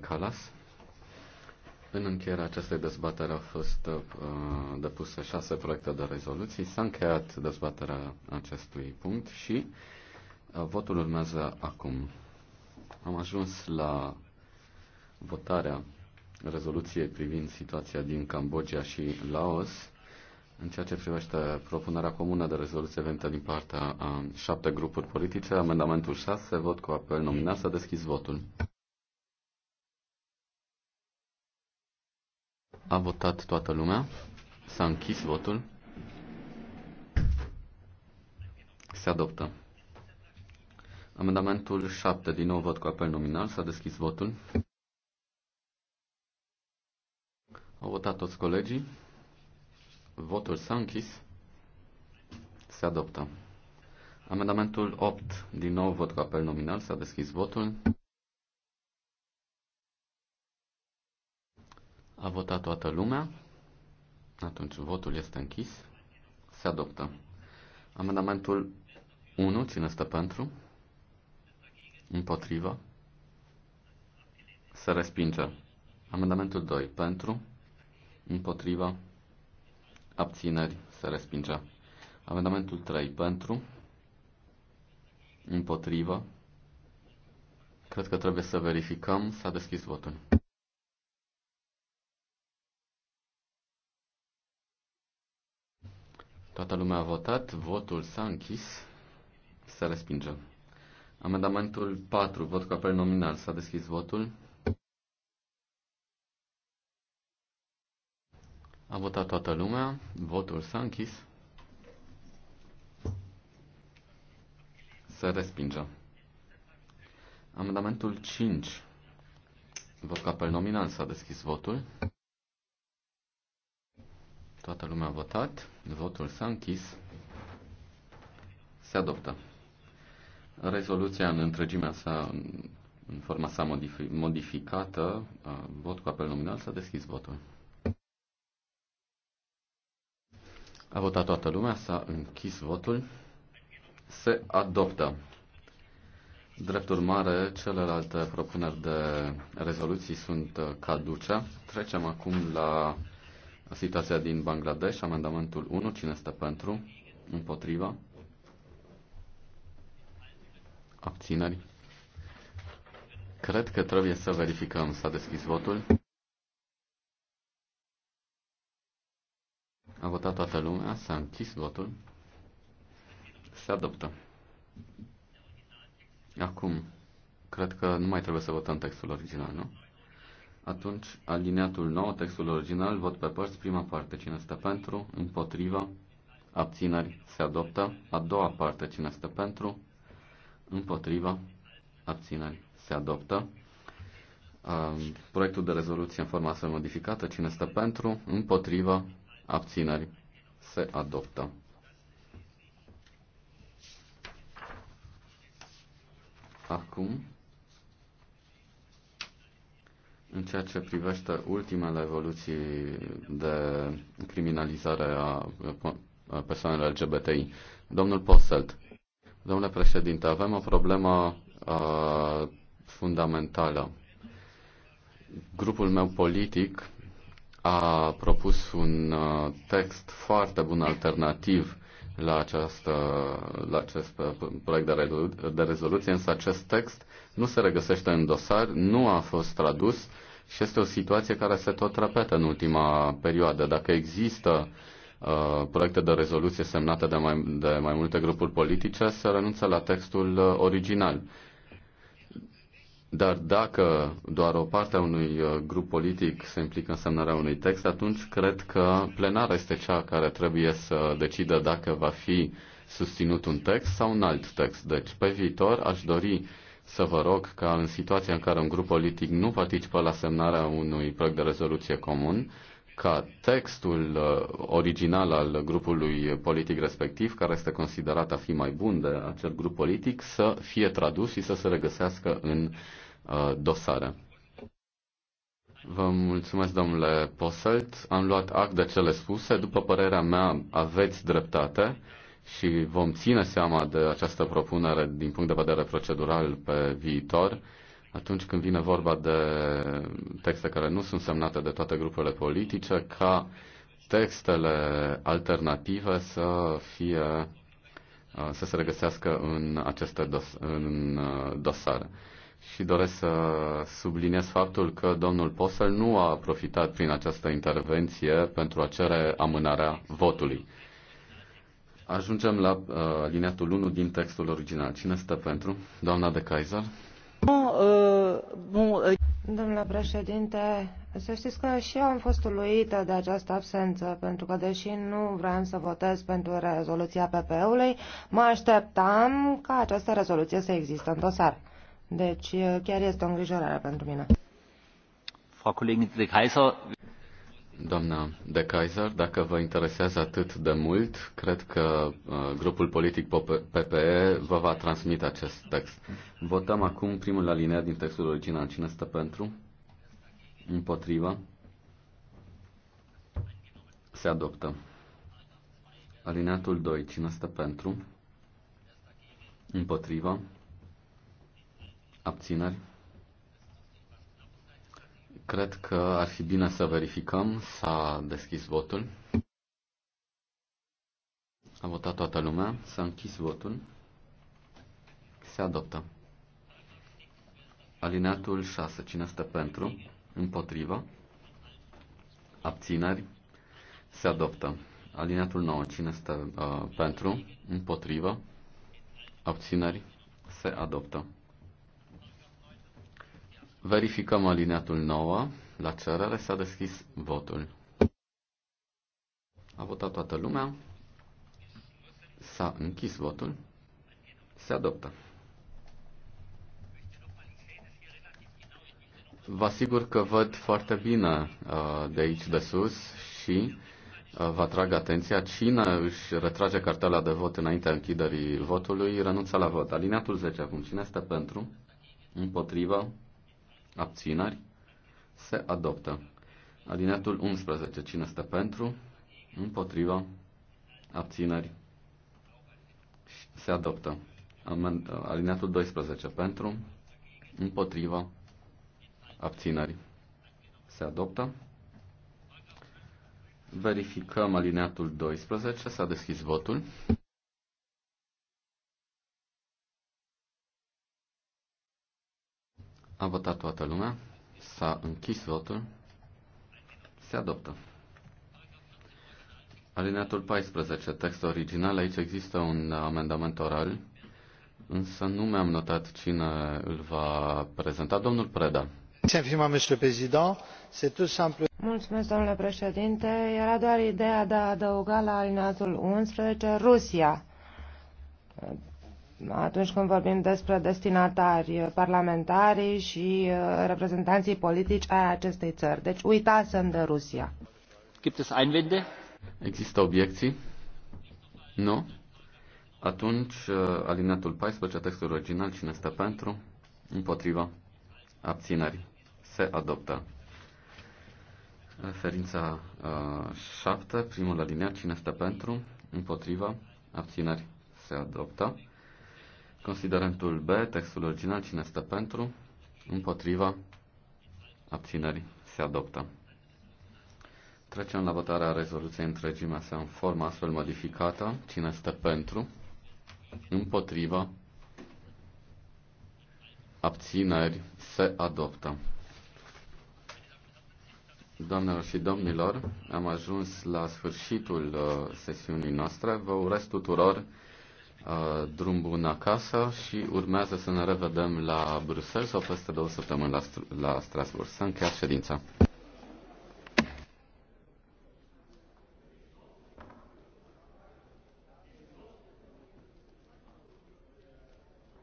Calas. În încheierea acestei dezbatere au fost uh, depuse șase proiecte de rezoluții. S-a încheiat dezbaterea acestui punct și uh, votul urmează acum. Am ajuns la votarea rezoluției privind situația din Cambodgia și Laos în ceea ce privește propunerea comună de rezoluție venită din partea a șapte grupuri politice. Amendamentul 6, vot cu apel nominal, s-a deschis votul. A votat toată lumea. S-a închis votul. Se adoptă. Amendamentul 7, din nou vot cu apel nominal, s-a deschis votul. Au votat toți colegii. Votul s-a închis. Se adoptă. Amendamentul 8, din nou vot cu apel nominal, s-a deschis votul. A votat toată lumea. Atunci votul este închis. Se adoptă. Amendamentul 1, cine stă pentru? Împotrivă. Se respinge. Amendamentul 2, pentru? Împotrivă. Abțineri. Se respinge. Amendamentul 3, pentru? Împotrivă. Cred că trebuie să verificăm. S-a deschis votul. Toată lumea a votat, votul s-a închis, se respinge. Amendamentul 4, vot cu apel nominal, s-a deschis votul. A votat toată lumea, votul s-a închis. Se respinge. Amendamentul 5, vot cu apel nominal, s-a deschis votul. Toată lumea a votat. Votul s-a închis. Se adoptă. Rezoluția în întregimea sa, în forma sa modifi- modificată, uh, vot cu apel nominal, s-a deschis votul. A votat toată lumea, s-a închis votul. Se adoptă. Drept urmare, celelalte propuneri de rezoluții sunt uh, caduce. Trecem acum la situația din Bangladesh, amendamentul 1, cine este pentru, împotriva, abțineri. Cred că trebuie să verificăm. S-a deschis votul. A votat toată lumea, s-a închis votul. Se adoptă. Acum, cred că nu mai trebuie să votăm textul original, nu? Atunci, alineatul nou textul original, vot pe părți, prima parte, cine este pentru, împotriva, abțineri, se adoptă. A doua parte, cine este pentru, împotriva, abțineri, se adoptă. Proiectul de rezoluție în forma să modificată, cine este pentru, împotriva, abțineri, se adoptă. Acum în ceea ce privește ultimele evoluții de criminalizare a persoanelor LGBTI, domnul Posselt, domnule președinte, avem o problemă a, fundamentală. Grupul meu politic a propus un text foarte bun alternativ la, această, la acest proiect de, de rezoluție, însă acest text nu se regăsește în dosar, nu a fost tradus și este o situație care se tot repetă în ultima perioadă. Dacă există uh, proiecte de rezoluție semnate de mai, de mai multe grupuri politice, se renunță la textul uh, original. Dar dacă doar o parte a unui uh, grup politic se implică în semnarea unui text, atunci cred că plenarea este cea care trebuie să decidă dacă va fi susținut un text sau un alt text. Deci, pe viitor, aș dori să vă rog ca în situația în care un grup politic nu participă la semnarea unui proiect de rezoluție comun, ca textul uh, original al grupului politic respectiv, care este considerat a fi mai bun de acel grup politic, să fie tradus și să se regăsească în uh, dosare. Vă mulțumesc, domnule Poselt. Am luat act de cele spuse. După părerea mea, aveți dreptate și vom ține seama de această propunere din punct de vedere procedural pe viitor, atunci când vine vorba de texte care nu sunt semnate de toate grupurile politice, ca textele alternative să fie să se regăsească în aceste dos- în uh, dosare. Și doresc să subliniez faptul că domnul Posel nu a profitat prin această intervenție pentru a cere amânarea votului. Ajungem la uh, alineatul 1 din textul original. Cine stă pentru? Doamna de Kaiser? Bun, uh, bun, uh... Domnule președinte, să știți că și eu am fost uluită de această absență, pentru că deși nu vreau să votez pentru rezoluția PP-ului, mă așteptam ca această rezoluție să existe în dosar. Deci uh, chiar este o îngrijorare pentru mine. Frau Kollegin de Kaiser, Doamna de Kaiser, dacă vă interesează atât de mult, cred că uh, grupul politic PPE vă va transmite acest text. Votăm acum primul alinea din textul original. Cine stă pentru? Împotriva? Se adoptă. Alineatul 2. Cine stă pentru? Împotriva? Abțineri? Cred că ar fi bine să verificăm. S-a deschis votul. A votat toată lumea. S-a închis votul. Se adoptă. Alineatul 6. Cine stă pentru? Împotrivă? Abțineri? Se adoptă. Alineatul 9. Cine stă uh, pentru? Împotrivă? Abțineri? Se adoptă. Verificăm alineatul 9. La cerere s-a deschis votul. A votat toată lumea. S-a închis votul. Se adoptă. Vă asigur că văd foarte bine uh, de aici de sus și uh, vă atrag atenția. Cine își retrage cartela de vot înaintea închiderii votului, renunță la vot. Alineatul 10 acum. Cine este pentru? Împotrivă? abțineri, se adoptă. Alineatul 11. Cine este pentru? Împotriva. Abțineri. Se adoptă. Alineatul 12. Pentru. Împotriva. Abțineri. Se adoptă. Verificăm alineatul 12. S-a deschis votul. A votat toată lumea. S-a închis votul. Se adoptă. Alineatul 14, text original. Aici există un amendament oral, însă nu mi-am notat cine îl va prezenta. Domnul Preda. Mulțumesc, domnule președinte. Era doar ideea de a adăuga la alineatul 11 Rusia atunci când vorbim despre destinatari, parlamentari și uh, reprezentanții politici ai acestei țări. Deci uitasem de Rusia. Gibt es Einwände? Există obiecții? Nu? Atunci, uh, alineatul 14, textul original, cine este pentru? Împotriva? Abțineri. Se adoptă. Referința 7, uh, primul alineat, cine este pentru? Împotriva? Abțineri. Se adoptă. Considerentul B, textul original, cine este pentru, împotriva, abțineri, se adoptă. Trecem la votarea rezoluției întregimea sa în formă astfel modificată. Cine este pentru, împotriva, abțineri, se adoptă. Doamnelor și domnilor, am ajuns la sfârșitul uh, sesiunii noastre. Vă urez tuturor Uh, drum bun acasă și urmează să ne revedem la Bruxelles sau peste două săptămâni la, la Strasbourg. Să încheiați ședința.